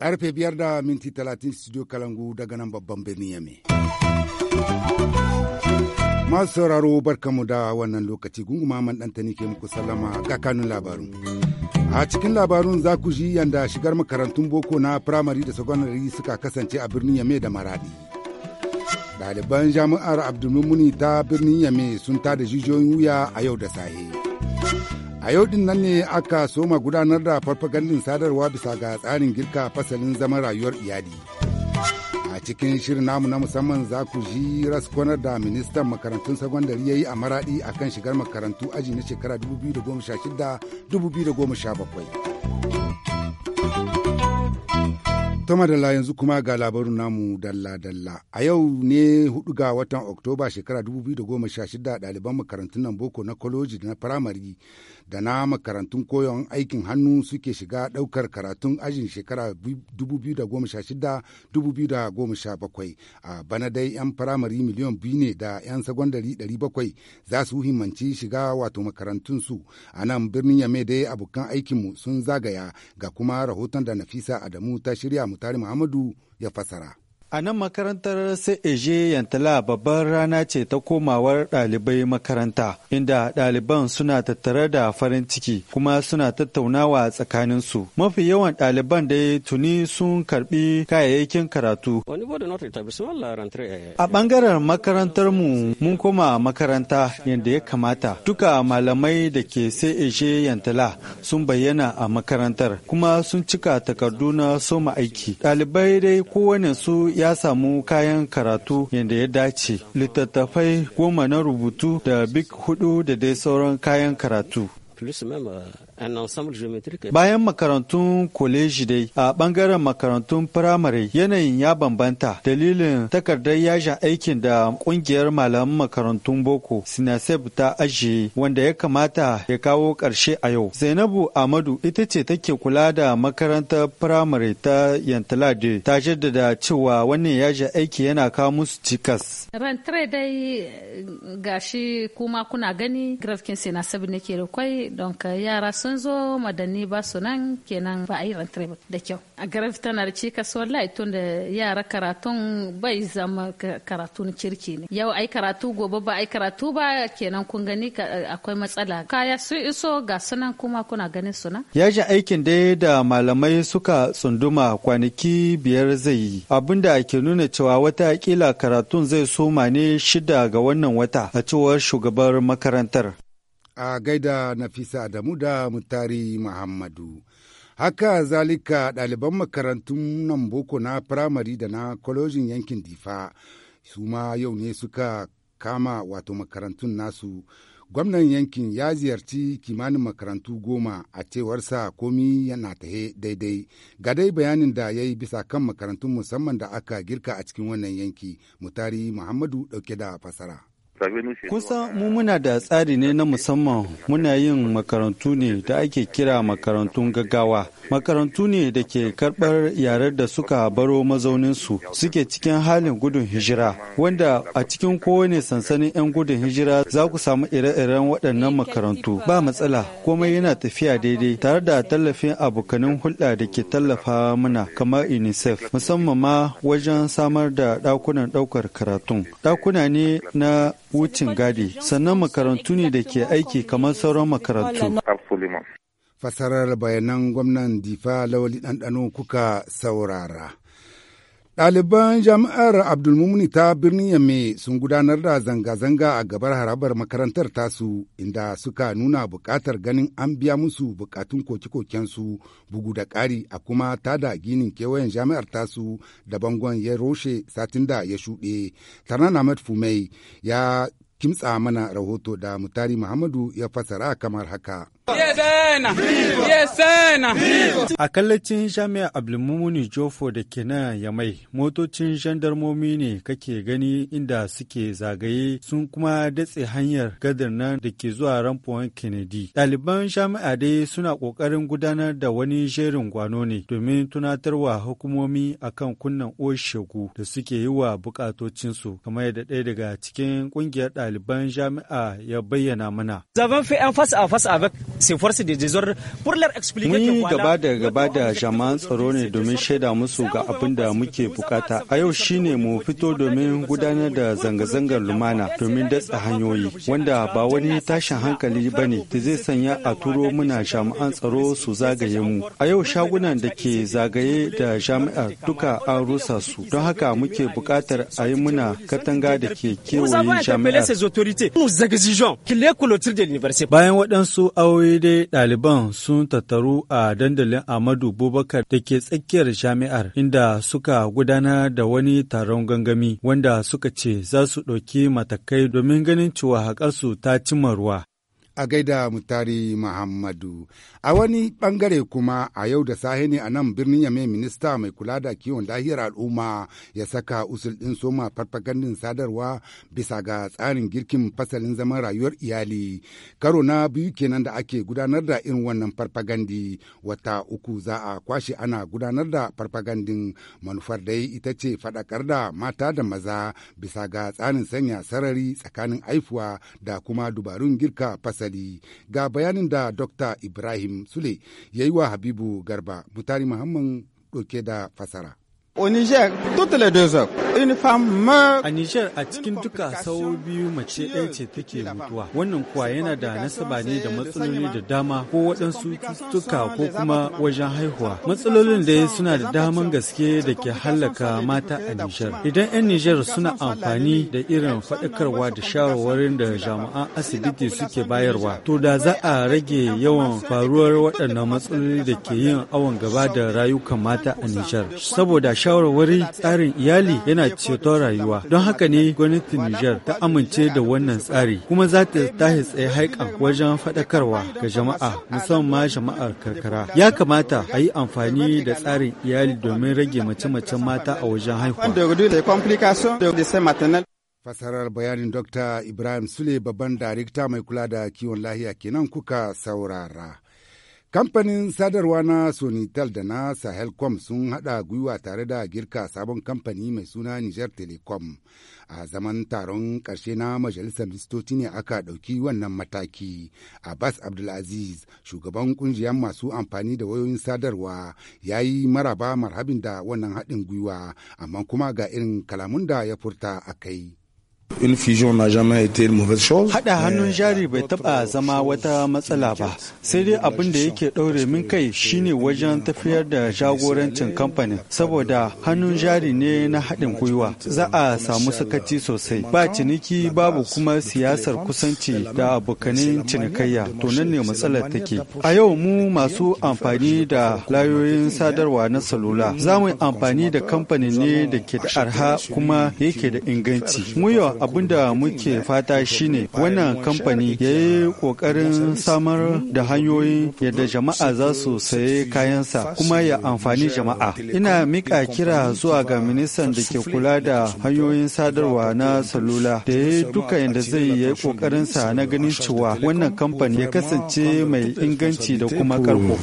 Karfe biyar da minti talatin studio Kalangu daga nan babban birnin Yame. Masu sauraro barkamu da wannan lokaci gunguma man ɗantani ke muku sallama ga kanun labarun. A cikin labarun za ku ji yanda shigar makarantun boko na firamare da sakandare suka kasance a birnin Yame da Maradi. ɗaliban jami'ar abdulmumuni ta birnin yame sun ta da jijiyoyin wuya a yau da sahe a yau din nan ne aka soma gudanar da farfagandun sadarwa bisa ga tsarin girka fasalin zaman rayuwar iyali a cikin shirin namu na musamman za ku ji raskonar da ministan makarantun sagwandari ya yi a maraɗi a kan shigar makarantu aji na shekara 2016-2017 To madalla yanzu kuma ga labarin namu dalla-dalla. A yau ne hudu ga watan Oktoba shekara 2016 ɗaliban makarantun nan boko na koloji da na firamare da na makarantun koyon aikin hannu suke shiga ɗaukar karatun ajin shekara 2016-2017 a bana dai 'yan firamare miliyan biyu ne da 'yan sagwandari 700 za su himmanci shiga wato makarantun su a nan birnin yame dai abokan aikinmu sun zagaya ga kuma rahoton da Nafisa Adamu ta shirya mu mutari muhammadu ya fasara A nan makarantar sai Eje Yantala babbar rana ce ta komawar ɗalibai makaranta, inda ɗaliban suna tattare da farin ciki kuma suna tattaunawa tsakaninsu. Mafi yawan ɗaliban da tuni sun karɓi kayayyakin karatu. Eh, eh. A ɓangaren makarantar mu mun koma makaranta yadda ya kamata. Duka malamai da ke sai Eje Yantala sun bayyana a makarantar kuma sun cika takardu na soma aiki. Ɗalibai dai kowane su ya samu kayan karatu yadda ya dace littattafai goma na rubutu da bik hudu da dai sauran kayan karatu euh, Bayan makarantun koleji dai a bangaren makarantun firamare yanayin ya bambanta dalilin takardar yajin aikin da kungiyar malaman makarantun boko sinasef ta ajiye wanda ya kamata ya kawo ƙarshe a yau. Zainabu Amadu ita ce take kula da makarantar firamare ta Yantalade ta jaddada cewa wannan yajin aiki yana kawo musu cikas. rantare dai gashi kuma kuna gani grafikin sinasef nake da kwai don yara sun sun zo madanni ba su nan kenan ba a yi rantare ba da kyau a garaf tana da so lai tun da yara karatun bai zama karatun kirki ne yau ai karatu gobe ba ai karatu ba kenan kun gani akwai matsala kaya su iso ga sunan kuma kuna ganin ya ji aikin dai da malamai suka tsunduma kwanaki biyar zai yi abinda ke nuna cewa wata kila karatun zai soma ne shida ga wannan wata a cewar shugabar makarantar a gaida Nafisa Adamu da Mutari Muhammadu. Haka zalika ɗaliban makarantun nan boko na firamare da na kwalojin yankin Difa su ma yau ne suka kama wato makarantun nasu. Gwamnan yankin ya ziyarci kimanin makarantu goma a cewarsa komi yana tahe daidai. Ga dai bayanin da ya yi bisa kan makarantun musamman da aka girka a cikin wannan yanki, Mutari Muhammadu ɗauke da fasara. Kusa mu muna da tsari ne na musamman muna yin makarantu ne da ake kira makarantun gaggawa. Makarantu ne da ke karɓar yaren da suka baro mazauninsu suke cikin halin gudun hijira wanda a cikin kowane sansanin 'yan gudun hijira za ku samu ire-iren waɗannan makarantu ba matsala komai yana tafiya daidai tare da tallafin abokanin hulɗa da ke tallafa mana kamar unicef musamman ma wajen samar da ɗakunan ɗaukar karatun ɗakuna ne na wucin gadi sannan makarantu ne da ke aiki kamar sauran makarantu. Fasarar bayanan gwamnan Difa Lawali ɗanɗano kuka saurara. Ɗaliban jami'ar Abdulmumni ta birnin Yamme sun gudanar da zanga-zanga a gabar harabar makarantar tasu inda suka nuna buƙatar ganin an biya musu buƙatun koke-kokensu bugu da ƙari a kuma ta da ginin kewayen jami'ar tasu da bangon ya roshe satin da ya shuɗe. Tarnan Ahmed Fumai ya kimtsa mana rahoto da Mutari Muhammadu ya fasara kamar haka. A kallacin jami'a Abdulmumuni Jofo da ke nan Yamai, motocin jandarmomi ne kake gani inda suke zagaye sun kuma datse hanyar gadar nan da ke zuwa ramfuwan Kennedy. Ɗaliban jami'a dai suna ƙoƙarin gudanar da wani jerin gwano ne domin tunatarwa hukumomi akan kunnan oshegu da suke yi wa bukatocinsu kamar yadda ɗaya daga cikin ƙungiyar ɗaliban jami'a ya bayyana mana. Zaben fi'an fasa a fasa sai force de désordre pour leur expliquer voilà gaba da gaba da jama'an tsaro ne domin shaida musu ga abin da muke bukata a yau shine mu fito domin gudanar da zanga-zangar lumana domin datsa hanyoyi wanda ba wani tashin hankali bane da zai sanya a turo muna jami'an tsaro su zagaye mu a yau shagunan da ke zagaye da jami'ar duka an rusa su don haka muke bukatar a yi muna katanga da ke kewaye jami'ar bayan waɗansu awoyi daidai dai ɗaliban sun tattaru a dandalin Amadu Bubakar da ke tsakiyar jami'ar inda suka gudanar da wani taron gangami wanda suka ce za su ɗauki matakai domin ganin cewa haƙarsu ta cimma ruwa. a gaida mutari Muhammadu. A wani bangare kuma a yau da sahe ne a nan birnin yamai minista mai kula da kiwon lahiyar al'umma ya saka usul ɗin soma farfagandin sadarwa bisa ga tsarin girkin fasalin zaman rayuwar iyali. Karo na biyu kenan da ake gudanar da irin wannan farfagandi wata uku za a kwashe ana gudanar da farfagandin manufar dai ita ce faɗakar da mata da maza bisa ga tsarin sanya sarari tsakanin haifuwa da kuma dubarun girka fasalin asali ga bayanin da Dr. Ibrahim Sule ya yi wa Habibu Garba, Mutari muhammadu ɗauke da fasara. Au Niger, toutes les deux heures, une femme meurt. A Niger, a cikin duka sau biyu mace ɗaya ce take mutuwa. Wannan kuwa yana da nasaba ne da matsaloli da dama ko waɗansu cututtuka ko kuma wajen haihuwa. Matsalolin dai suna da daman gaske da ke hallaka mata a Niger. Idan 'yan Niger suna amfani da irin faɗakarwa da shawarwarin da jami'an asibiti suke bayarwa, to da za a rage yawan faruwar waɗannan matsaloli da ke yin awon gaba da rayukan mata a Niger. Saboda sha shawarwari tsarin iyali yana ceton rayuwa. Don haka ne gwamnatin Nijar ta amince da wannan tsari kuma za ta tashi tsaye haikan wajen faɗakarwa ga jama'a musamman jama'ar karkara. Ya kamata a yi amfani da tsarin iyali domin rage mace-macen mata a wajen haihuwa. Fasarar bayanin Dr. Ibrahim Sule babban darikta mai kula da kiwon lahiya kenan kuka saurara. Kamfanin sadarwa na Sonitel da na Sahelcom sun haɗa gwiwa tare da girka sabon kamfani mai suna Niger Telecom. A zaman taron ƙarshe na Majalisar Ministoci ne aka ɗauki wannan mataki. Abbas Abdulaziz, shugaban ƙungiyar masu amfani da wayoyin sadarwa, ya yi maraba marhabin da wannan haɗin gwiwa, amma kuma ga irin kalamun da ya furta a kai. Haɗa hannun jari bai taɓa zama wata matsala ba, sai dai abin da yake ɗaure min kai shine wajen tafiyar da jagorancin kamfani, saboda hannun jari ne na haɗin gwiwa. Za a samu sakaci sosai, ba ciniki babu kuma siyasar kusanci da abokanin cinikayya, to nan ne matsalar take. A yau mu masu amfani da layoyin sadarwa na salula, za mu amfani da kamfanin ne da ke da arha kuma yake da inganci. Mu yau abin da muke fata shine wannan kamfani ya yi kokarin samar da hanyoyin yadda jama'a za su saye kayansa kuma ya amfani jama'a ina mika kira zuwa ga ministan da ke kula da hanyoyin sadarwa na salula da ya duka yadda zai yi kokarin sa na ganin cewa wannan kamfani ya kasance mai inganci da kuma karko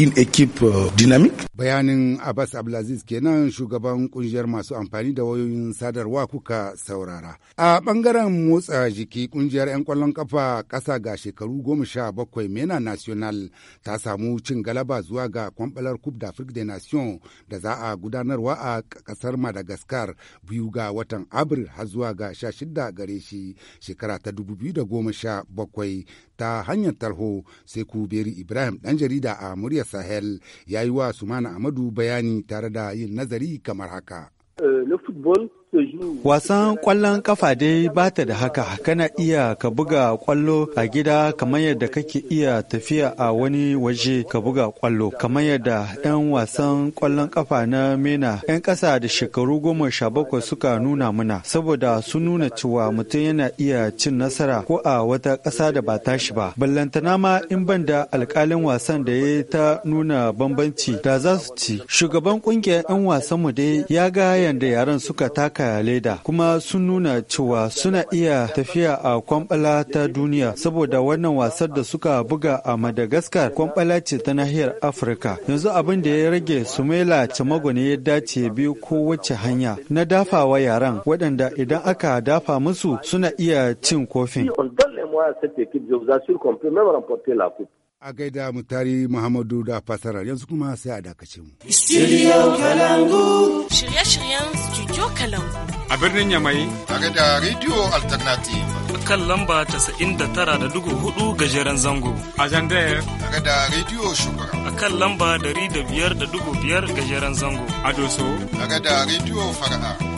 euh, bayanin abbas abdulaziz kenan shugaban kungiyar masu amfani da wayoyin sadarwa kuka kuka saurara. A ɓangaren motsa jiki ƙungiyar 'yan ƙwallon ƙafa ƙasa ga shekaru goma sha bakwai mena national ta samu cin galaba zuwa ga kwamɓalar Coupe d'Afrique des Nation da za a gudanarwa a ƙasar Madagascar biyu ga watan Abril har zuwa ga sha shida gare shi shekara ta dubu biyu da goma sha bakwai ta hanyar tarho sai ku Ibrahim ɗan jarida a muryar Sahel ya yi wa Sumana Amadu bayani tare da yin nazari kamar haka. Uh, Wasan ƙwallon kafa dai ba ta da haka, kana iya ka buga ƙwallo a gida kamar yadda kake iya tafiya a wani waje ka buga ƙwallo, kamar yadda 'yan wasan ƙwallon ƙafa na MENA 'yan ƙasa da shekaru goma sha bakwai suka nuna muna. saboda sun nuna cewa mutum yana iya cin nasara ko a wata ƙasa da ba tashi ba. Ballantana ma in ban da alƙalin wasan da ya ta nuna bambanci da za su ci. Shugaban ƙungiyar 'yan wasanmu dai ya ga yadda yaran suka taka saka leda kuma sun nuna cewa suna iya tafiya a kwambala ta duniya saboda wannan wasar da suka buga a Madagascar kwambala ce ta nahiyar Afirka. Yanzu abin da ya rage Sumaila Chamago ne ya dace biyu ko wacce hanya na dafawa yaran waɗanda idan aka dafa musu suna iya cin kofin. A gaida mutari Muhammadu da fasarar yanzu kuma sai a dakace mu. Studio Kalangu. Shirye-shiryen Studio Kalangu. A birnin Yamai. A da Radio Alternative. Kan lamba tara da dugu hudu gajeren zango. A Zandaya. A da Radio Shugaba. A kan lamba dari da da biyar gajeren zango. A Doso. A da Radio Fara'a.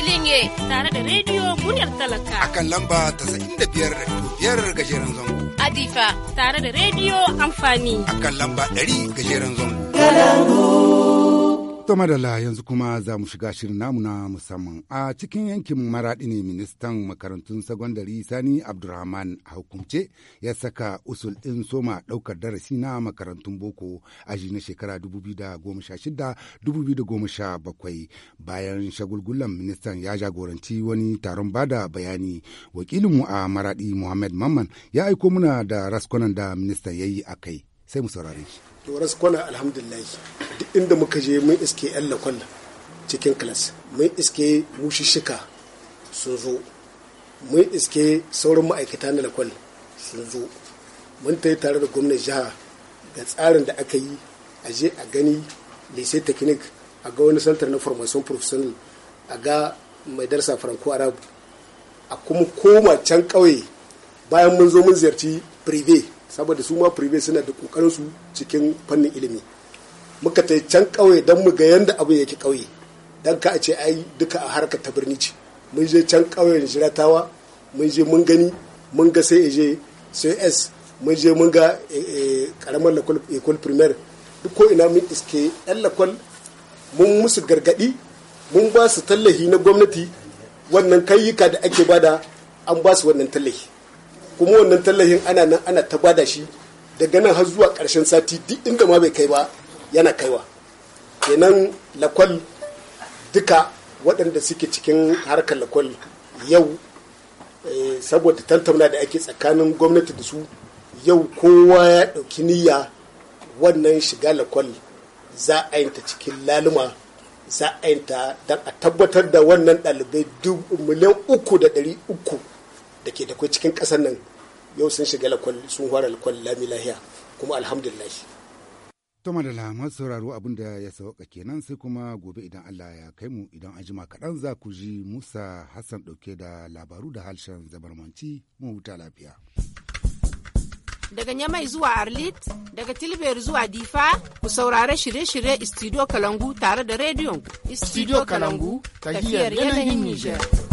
Filinge tare da rediyo muryar talaka. akan lamba ta da biyar da biyar gajeren zango. Adifa tare da rediyo amfani. akan lamba ɗari gajeren zango. Galangu. To madala yanzu kuma za mu shiga shirin namu na musamman a cikin yankin maraɗi ne ministan makarantun sagwandari Sani Abdulrahman hukunce ya saka usul ɗin soma ɗaukar darasi na makarantun boko aji na shekara 2016-2017 bayan shagulgulan ministan ya jagoranci wani taron bada bayani wakilinmu a maraɗi Muhammad Mamman ya aiko muna da raskunan da ministan ya yi a kai sai mu saurare shi. To alhamdulillah duk inda muka je mun iske yan lakwal cikin klas mun iske mushishika sun zo mun iske sauran ma'aikata na lakwal sun zo mun ta yi tare da gwamnati jiha ga tsarin da aka yi a je a gani lise teknik a ga wani santar na formation professional a ga mai darsa franco arab a kuma koma can ƙauye bayan mun zo mun ziyarci prive saboda su ma prive suna da su cikin fannin ilimi muka ta can ƙauye don mu ga yadda abu yake ƙauye don ka a ce ai duka a harka ta birni ce mun je can ƙauyen jiratawa mun je mun gani mun ga sai je sai s mun je mun ga eh, eh, karamar lakol primaire duk ko ina mun iske yan lakol mun musu gargadi mun ba su tallahi na gwamnati wannan kayyuka da ake bada an ba su wannan tallahi kuma wannan tallahin ana nan ana ta bada shi daga nan har zuwa karshen sati duk inda ma bai kai ba yana kaiwa kenan lakwal duka waɗanda suke cikin harkar lakwal yau eh, saboda tantauna da ake tsakanin gwamnati da su yau kowa ya ɗauki niyya wannan shiga lakwal za a yinta cikin laluma za a yinta don a tabbatar da wannan ɗalibai miliyan uku da ɗari uku da ke da cikin ƙasar nan yau sun shiga lakwal sun fara lakwal lami lahiya kuma alhamdulillah To da masu sauraro abin da ya sauka kenan sai kuma gobe idan Allah ya kai mu idan an jima kaɗan za ku ji Musa Hassan ɗauke da labaru da harshen zabarmanci mu huta lafiya. Daga Nyamai zuwa Arlit, daga Tilber zuwa Difa, ku saurare shirye-shirye Istidiyo Kalangu tare da rediyon Istidiyo Kalangu, tafiyar yanayin Nijar.